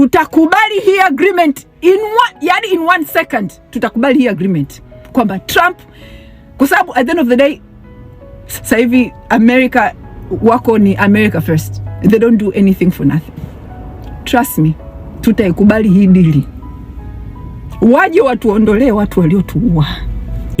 tutakubali hii agreement in one, yani in one second tutakubali hii agreement kwamba Trump, kwa sababu at the end of the day sasa hivi America wako ni America first, they don't do anything for nothing. Trust me, tutaikubali hii dili, waje watuondolee watu waliotuua.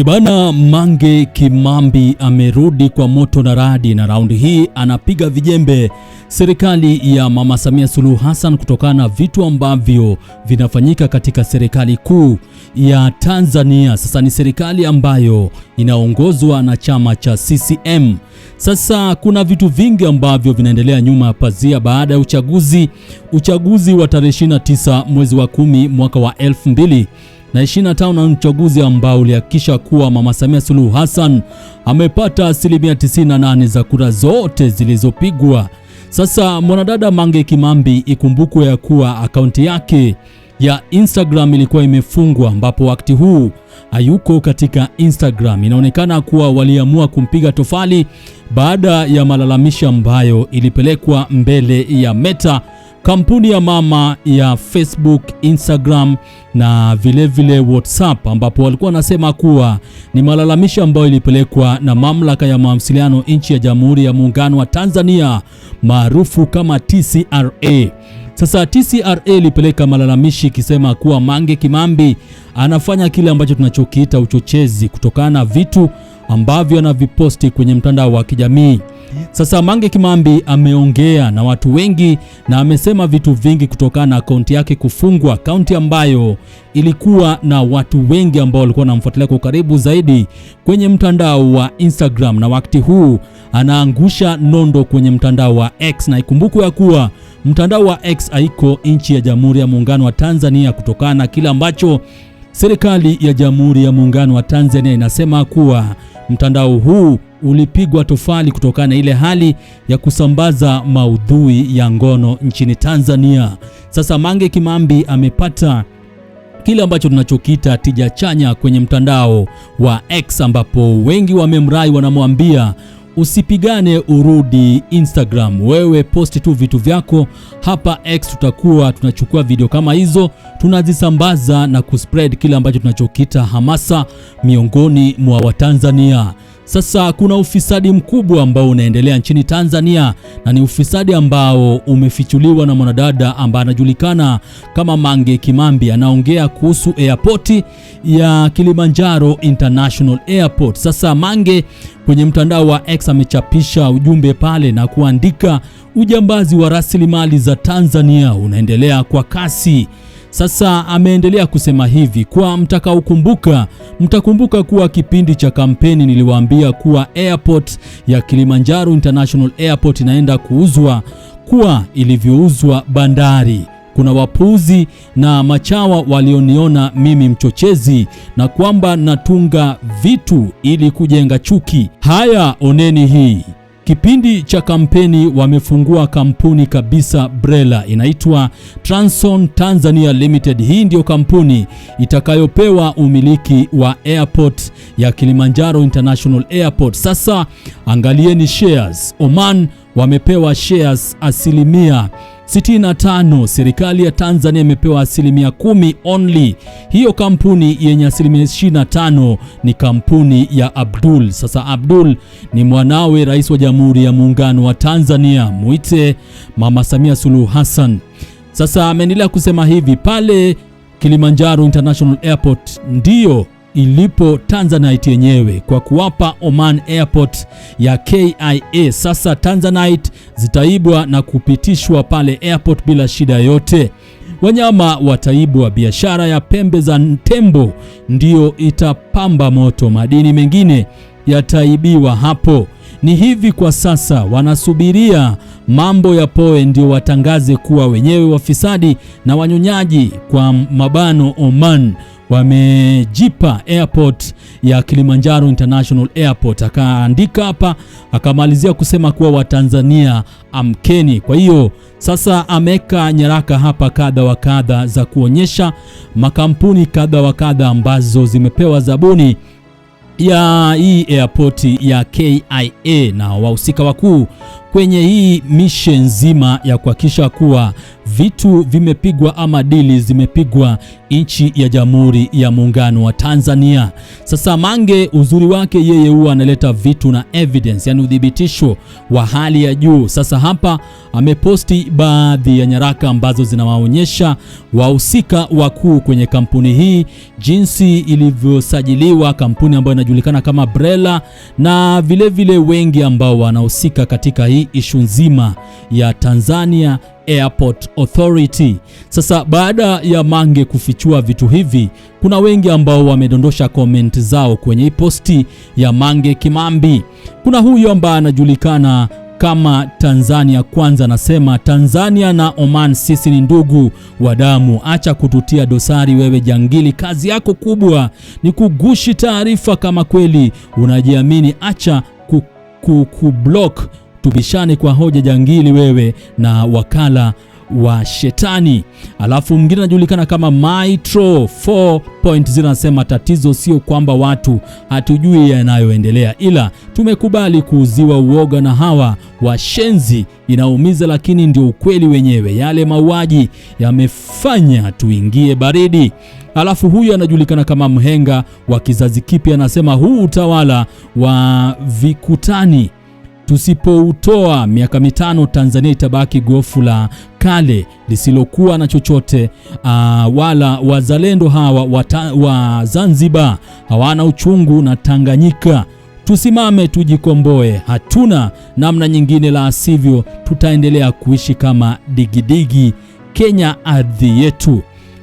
Ibana Mange Kimambi amerudi kwa moto na radi, na raundi hii anapiga vijembe serikali ya Mama Samia Suluhu Hassan kutokana na vitu ambavyo vinafanyika katika serikali kuu ya Tanzania. Sasa ni serikali ambayo inaongozwa na chama cha CCM. Sasa kuna vitu vingi ambavyo vinaendelea nyuma ya pazia baada ya uchaguzi, uchaguzi wa tarehe 29 mwezi wa 10 mwaka wa 2000 na 25 na uchaguzi ambao ulihakikisha kuwa Mama Samia Suluhu Hassan amepata asilimia 98 za kura zote zilizopigwa. Sasa mwanadada Mange Kimambi, ikumbukwe ya kuwa akaunti yake ya Instagram ilikuwa imefungwa, ambapo wakati huu hayuko katika Instagram. Inaonekana kuwa waliamua kumpiga tofali baada ya malalamishi ambayo ilipelekwa mbele ya Meta kampuni ya mama ya Facebook, Instagram na vilevile vile WhatsApp, ambapo walikuwa wanasema kuwa ni malalamishi ambayo ilipelekwa na mamlaka ya mawasiliano nchi ya Jamhuri ya Muungano wa Tanzania maarufu kama TCRA. Sasa TCRA ilipeleka malalamishi ikisema kuwa Mange Kimambi anafanya kile ambacho tunachokiita uchochezi kutokana na vitu ambavyo anaviposti kwenye mtandao wa kijamii. Sasa Mange Kimambi ameongea na watu wengi na amesema vitu vingi kutokana na akaunti yake kufungwa, akaunti ambayo ilikuwa na watu wengi ambao walikuwa wanamfuatilia kwa karibu zaidi kwenye mtandao wa Instagram, na wakati huu anaangusha nondo kwenye mtandao wa X, na ikumbukwe ya kuwa mtandao wa X haiko nchi ya Jamhuri ya Muungano wa Tanzania kutokana na kile ambacho serikali ya Jamhuri ya Muungano wa Tanzania inasema kuwa Mtandao huu ulipigwa tofali kutokana na ile hali ya kusambaza maudhui ya ngono nchini Tanzania. Sasa Mange Kimambi amepata kile ambacho tunachokita tija chanya kwenye mtandao wa X ambapo wengi wamemrai, wanamwambia Usipigane urudi Instagram, wewe posti tu vitu vyako hapa. X tutakuwa tunachukua video kama hizo tunazisambaza na kuspread kile ambacho tunachokita hamasa miongoni mwa Watanzania. Sasa kuna ufisadi mkubwa ambao unaendelea nchini Tanzania na ni ufisadi ambao umefichuliwa na mwanadada ambaye anajulikana kama Mange Kimambi. Anaongea kuhusu airport ya Kilimanjaro International Airport. Sasa Mange kwenye mtandao wa X amechapisha ujumbe pale na kuandika, ujambazi wa rasilimali za Tanzania unaendelea kwa kasi. Sasa ameendelea kusema hivi, kwa mtakaokumbuka, mtakumbuka kuwa kipindi cha kampeni niliwaambia kuwa airport ya Kilimanjaro International Airport inaenda kuuzwa kuwa ilivyouzwa bandari. Kuna wapuuzi na machawa walioniona mimi mchochezi na kwamba natunga vitu ili kujenga chuki. Haya, oneni hii. Kipindi cha kampeni wamefungua kampuni kabisa BRELA, inaitwa Transon Tanzania Limited. Hii ndiyo kampuni itakayopewa umiliki wa airport ya Kilimanjaro International Airport. Sasa angalieni shares. Oman wamepewa shares asilimia 65. Serikali ya Tanzania imepewa asilimia kumi only. Hiyo kampuni yenye asilimia 25 ni kampuni ya Abdul. Sasa Abdul ni mwanawe rais wa Jamhuri ya Muungano wa Tanzania, muite Mama Samia Suluhu Hassan. Sasa ameendelea kusema hivi pale Kilimanjaro International Airport ndiyo ilipo Tanzanite yenyewe kwa kuwapa Oman Airport ya KIA. Sasa Tanzanite zitaibwa na kupitishwa pale airport bila shida yote. Wanyama wataibwa, biashara ya pembe za tembo ndiyo itapamba moto, madini mengine yataibiwa hapo. Ni hivi kwa sasa, wanasubiria mambo ya poe ndio watangaze kuwa wenyewe wafisadi na wanyonyaji kwa mabano Oman wamejipa airport ya Kilimanjaro International Airport. Akaandika hapa akamalizia kusema kuwa Watanzania amkeni. Kwa hiyo sasa ameweka nyaraka hapa kadha wa kadha za kuonyesha makampuni kadha wa kadha ambazo zimepewa zabuni ya hii airport ya KIA na wahusika wakuu kwenye hii mission nzima ya kuhakikisha kuwa vitu vimepigwa ama dili zimepigwa nchi ya Jamhuri ya Muungano wa Tanzania. Sasa Mange, uzuri wake yeye huwa analeta vitu na evidence, yani udhibitisho wa hali ya juu. Sasa hapa ameposti baadhi ya nyaraka ambazo zinawaonyesha wahusika wakuu kwenye kampuni hii, jinsi ilivyosajiliwa, kampuni ambayo inajulikana kama Brela, na vilevile vile wengi ambao wanahusika katika hii ishu nzima ya Tanzania Airport Authority. Sasa baada ya Mange kufichua vitu hivi, kuna wengi ambao wamedondosha comment zao kwenye posti ya Mange Kimambi. Kuna huyo ambaye anajulikana kama Tanzania Kwanza anasema, Tanzania na Oman sisi ni ndugu wa damu, acha kututia dosari wewe jangili. Kazi yako kubwa ni kugushi taarifa. Kama kweli unajiamini, acha kukublock tubishane kwa hoja jangili, wewe na wakala wa shetani. Alafu mwingine anajulikana kama Mitro 4.0 anasema, tatizo sio kwamba watu hatujui yanayoendelea, ila tumekubali kuuziwa uoga na hawa washenzi. Inaumiza, lakini ndio ukweli wenyewe. Yale mauaji yamefanya tuingie baridi. Alafu huyu anajulikana kama mhenga wa kizazi kipya, anasema huu utawala wa vikutani Tusipoutoa miaka mitano, Tanzania itabaki gofu la kale lisilokuwa na chochote. Uh, wala wazalendo hawa wata, wa Zanzibar hawana uchungu na Tanganyika. Tusimame tujikomboe, hatuna namna nyingine, la sivyo tutaendelea kuishi kama digidigi. Kenya ardhi yetu.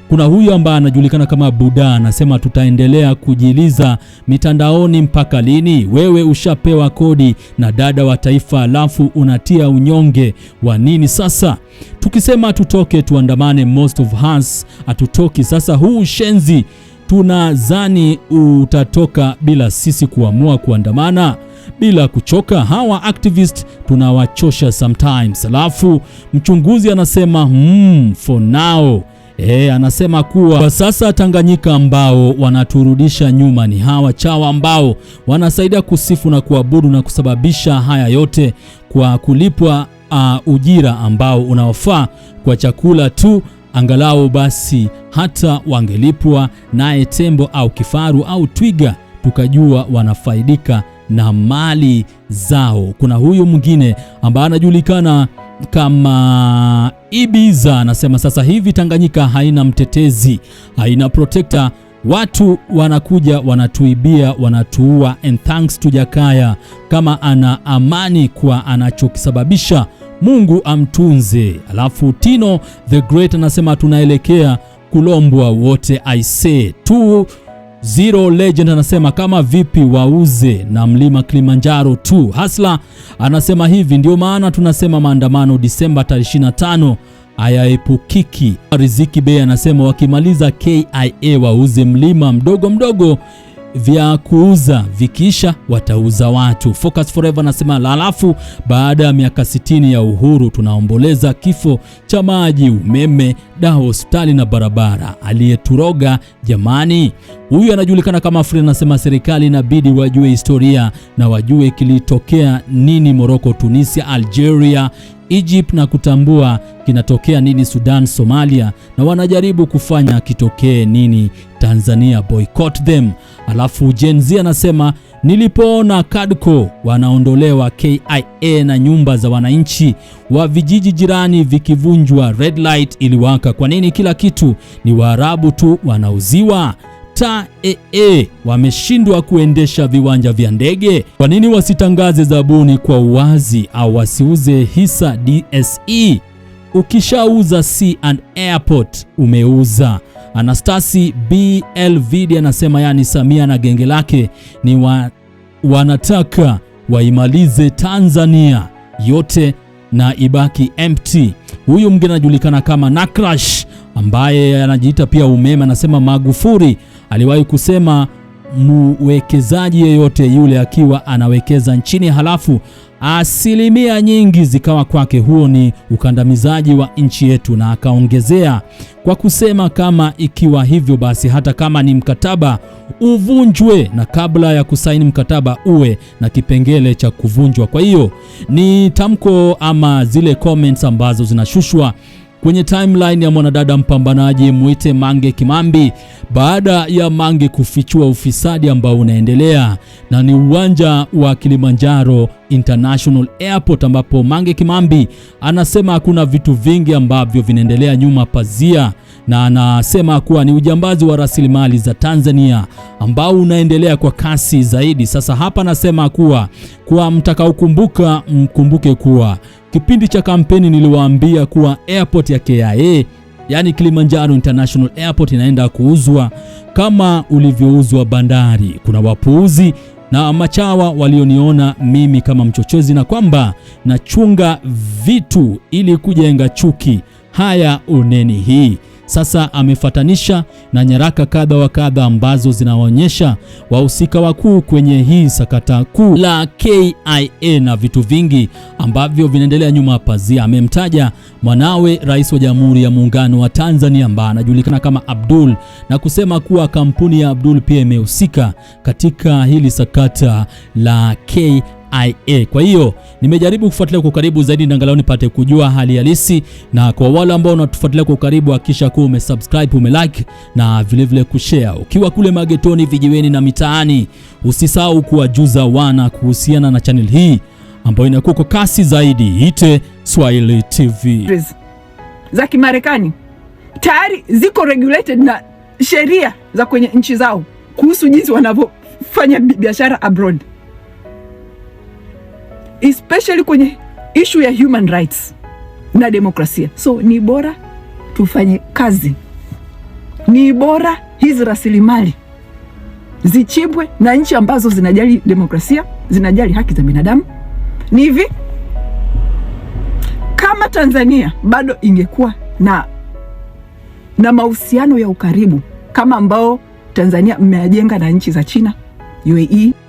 Kuna huyu ambaye anajulikana kama Buda, anasema tutaendelea kujiliza mitandaoni mpaka lini? Wewe ushapewa kodi na dada wa taifa, alafu unatia unyonge wa nini sasa? Tukisema tutoke tuandamane, most of us atutoki. Sasa huu ushenzi tunazani utatoka bila sisi kuamua kuandamana bila kuchoka. Hawa activist tunawachosha sometimes. Alafu mchunguzi anasema mm, for now E, anasema kuwa kwa sasa Tanganyika ambao wanaturudisha nyuma ni hawa chawa ambao wanasaidia kusifu na kuabudu na kusababisha haya yote kwa kulipwa uh, ujira ambao unaofaa kwa chakula tu. Angalau basi hata wangelipwa naye tembo au kifaru au twiga tukajua wanafaidika na mali zao. Kuna huyu mwingine ambaye anajulikana kama Ibiza anasema sasa hivi Tanganyika haina mtetezi, haina protector. Watu wanakuja wanatuibia, wanatuua. And thanks to Jakaya, kama ana amani kwa anachokisababisha, Mungu amtunze. Alafu Tino the Great anasema tunaelekea kulombwa wote, I say tu Zero Legend anasema kama vipi wauze na mlima Kilimanjaro tu. Hasla anasema hivi, ndio maana tunasema maandamano Disemba tarehe 25 hayaepukiki. Riziki Bey anasema wakimaliza KIA wauze mlima mdogo mdogo vya kuuza vikisha, watauza watu. Focus Forever anasema halafu, baada ya miaka 60 ya uhuru tunaomboleza kifo cha maji, umeme, dawa, hospitali na barabara. Aliyeturoga jamani. Huyu anajulikana kama Afrin, anasema serikali inabidi wajue historia na wajue kilitokea nini Morocco, Tunisia, Algeria Egypt na kutambua kinatokea nini Sudan, Somalia na wanajaribu kufanya kitokee nini Tanzania. Boycott them. Alafu Jenzi anasema nilipoona Kadco wanaondolewa KIA na nyumba za wananchi wa vijiji jirani vikivunjwa, red light iliwaka. Kwa nini kila kitu ni Waarabu tu wanauziwa? TAA e, e, wameshindwa kuendesha viwanja vya ndege. Kwa nini wasitangaze zabuni kwa uwazi au wasiuze hisa DSE? Ukishauza C and airport umeuza Anastasi BLVD anasema yani, Samia na genge lake ni wa, wanataka waimalize Tanzania yote na ibaki empty. Huyu mgeni anajulikana kama Nakrash ambaye anajiita pia umeme, anasema Magufuli aliwahi kusema mwekezaji yeyote yule akiwa anawekeza nchini halafu asilimia nyingi zikawa kwake, huo ni ukandamizaji wa nchi yetu. Na akaongezea kwa kusema kama ikiwa hivyo basi, hata kama ni mkataba uvunjwe, na kabla ya kusaini mkataba uwe na kipengele cha kuvunjwa. Kwa hiyo ni tamko ama zile comments ambazo zinashushwa kwenye timeline ya mwanadada mpambanaji mwite Mange Kimambi baada ya Mange kufichua ufisadi ambao unaendelea na ni uwanja wa Kilimanjaro International Airport ambapo Mange Kimambi anasema hakuna vitu vingi ambavyo vinaendelea nyuma pazia na anasema kuwa ni ujambazi wa rasilimali za Tanzania ambao unaendelea kwa kasi zaidi. Sasa hapa anasema kuwa kwa mtakaokumbuka, mkumbuke kuwa kipindi cha kampeni niliwaambia kuwa airport ya KIA yaani Kilimanjaro International Airport inaenda kuuzwa kama ulivyouzwa bandari. Kuna wapuuzi na machawa walioniona mimi kama mchochezi na kwamba nachunga vitu ili kujenga chuki. Haya, uneni hii. Sasa amefatanisha na nyaraka kadha wa kadha ambazo zinaonyesha wahusika wakuu kwenye hii sakata kuu la KIA na vitu vingi ambavyo vinaendelea nyuma pazia. Amemtaja mwanawe Rais wa Jamhuri ya Muungano wa Tanzania ambaye anajulikana kama Abdul na kusema kuwa kampuni ya Abdul pia imehusika katika hili sakata la KIA. TIA. Kwa hiyo nimejaribu kufuatilia kwa karibu zaidi na angalau nipate kujua hali halisi, na kwa wale ambao unatufuatilia kwa karibu, hakikisha kuwa umesubscribe, umelike na vilevile kushare. Ukiwa kule magetoni, vijiweni na mitaani, usisahau kuwajuza wana kuhusiana na channel hii ambayo inakuwa kwa kasi zaidi, ite Swahili TV za Kimarekani tayari ziko regulated na sheria za kwenye nchi zao kuhusu jinsi wanavyofanya biashara abroad especially kwenye issue ya human rights na demokrasia. So ni bora tufanye kazi, ni bora hizi rasilimali zichimbwe na nchi ambazo zinajali demokrasia, zinajali haki za binadamu. Ni hivi, kama Tanzania bado ingekuwa na na mahusiano ya ukaribu kama ambao Tanzania mmeyajenga na nchi za China, UAE